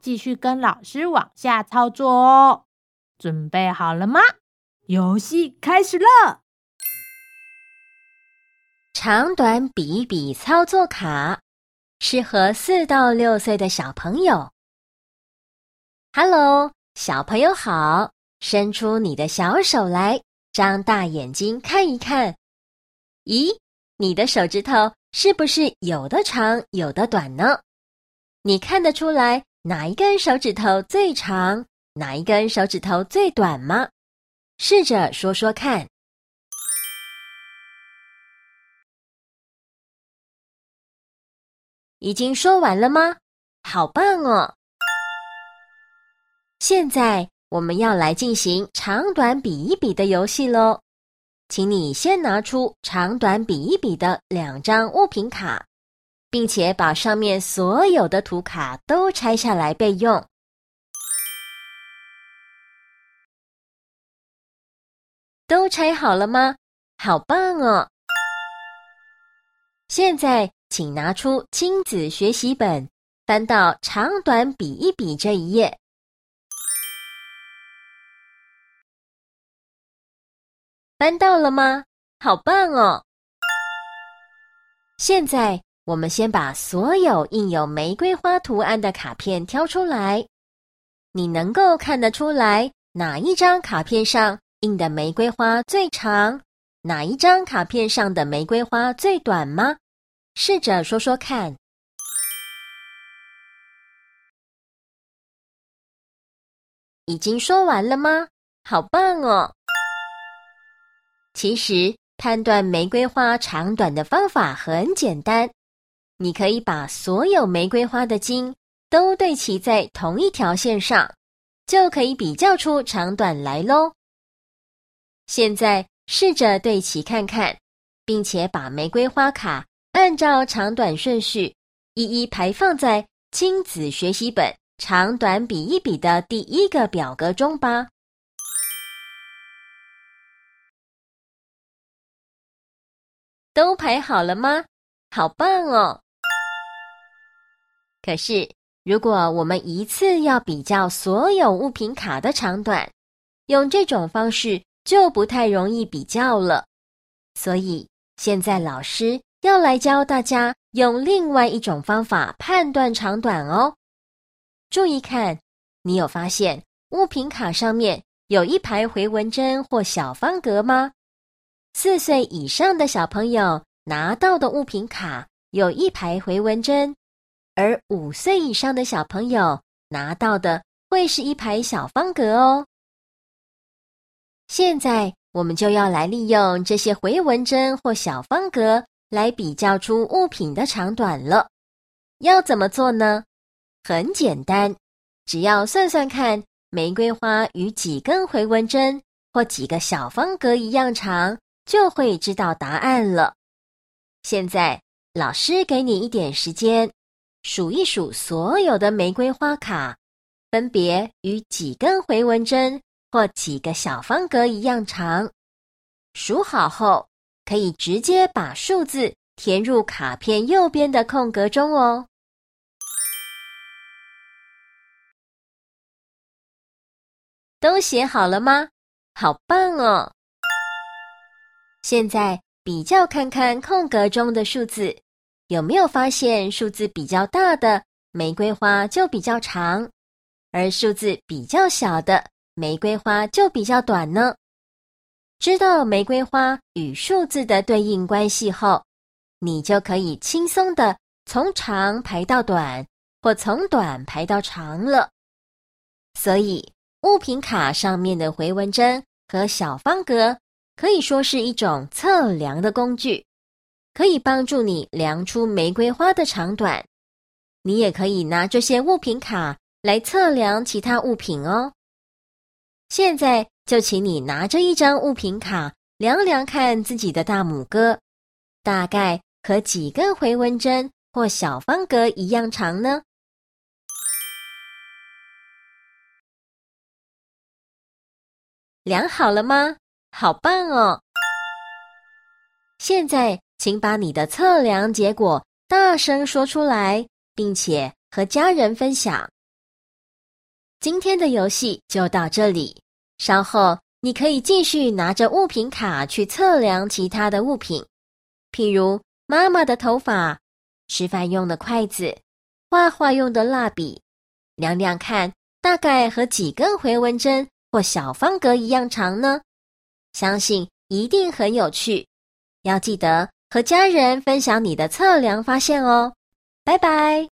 繼續跟老師往下操作哦，準備好了嗎？遊戲開始了！長短比一比操作卡，適合四到六歲的小朋友。Hello，小朋友好，伸出你的小手來，張大眼睛看一看。咦，你的手指頭是不是有的長，有的短呢？你看得出來？哪一根手指頭最長？哪一根手指頭最短嗎？試着說說看。已經說完了嗎？好棒哦！現在我們要來進行長短比一比的遊戲嘍，請你先拿出長短比一比的兩張物品卡。並且把上面所有的圖卡都拆下來備用。都拆好了嗎？好棒哦！現在請拿出親子學習本，翻到長短比一比這一頁。翻到了嗎？好棒哦！現在。我們先把所有印有玫瑰花圖案的卡片挑出來。你能夠看得出來，哪一張卡片上印的玫瑰花最長，哪一張卡片上的玫瑰花最短嗎？試着說說看。已經說完了嗎？好棒哦！其實判斷玫瑰花長短的方法很簡單。你可以把所有玫瑰花的莖都對齊在同一條線上，就可以比較出長短來嘍。現在試着對齊看看，並且把玫瑰花卡按照長短順序一一排放在親子學習本“長短比一比”的第一個表格中吧。都排好了嗎？好棒哦！可是，如果我們一次要比較所有物品卡的長短，用這種方式就不太容易比較了。所以，現在老師要來教大家用另外一種方法判斷長短哦。注意看，你有發現物品卡上面有一排回紋針或小方格嗎？四歲以上的小朋友拿到的物品卡有一排回紋針。而五歲以上的小朋友拿到的會是一排小方格哦。現在我們就要來利用這些回紋針或小方格來比較出物品的長短了。要怎麼做呢？很簡單，只要算算看，玫瑰花與幾根回紋針或幾個小方格一樣長，就會知道答案了。現在老師給你一點時間。數一數所有的玫瑰花卡，分別與幾根回紋針或幾個小方格一樣長。數好後，可以直接把數字填入卡片右邊的空格中哦。都寫好了嗎？好棒哦！現在比較看看空格中的數字。有沒有發現數字比較大的玫瑰花就比較長，而數字比較小的玫瑰花就比較短呢？知道玫瑰花與數字的對應關係後，你就可以輕鬆地從長排到短，或從短排到長了。所以物品卡上面的迴紋針和小方格，可以說是一種測量的工具。可以幫助你量出玫瑰花的長短。你也可以拿這些物品卡來測量其他物品哦。現在就請你拿着一張物品卡，量量看自己的大拇哥，大概和幾個回紋針或小方格一樣長呢？量好了嗎？好棒哦！現在。請把你的測量結果大聲說出來，並且和家人分享。今天的遊戲就到這裡，稍後你可以繼續拿着物品卡去測量其他的物品，譬如媽媽的頭髮、吃飯用的筷子、畫畫用的蠟筆，量量看大概和幾根回紋針或小方格一樣長呢？相信一定很有趣。要記得。和家人分享你的測量發現哦，拜拜。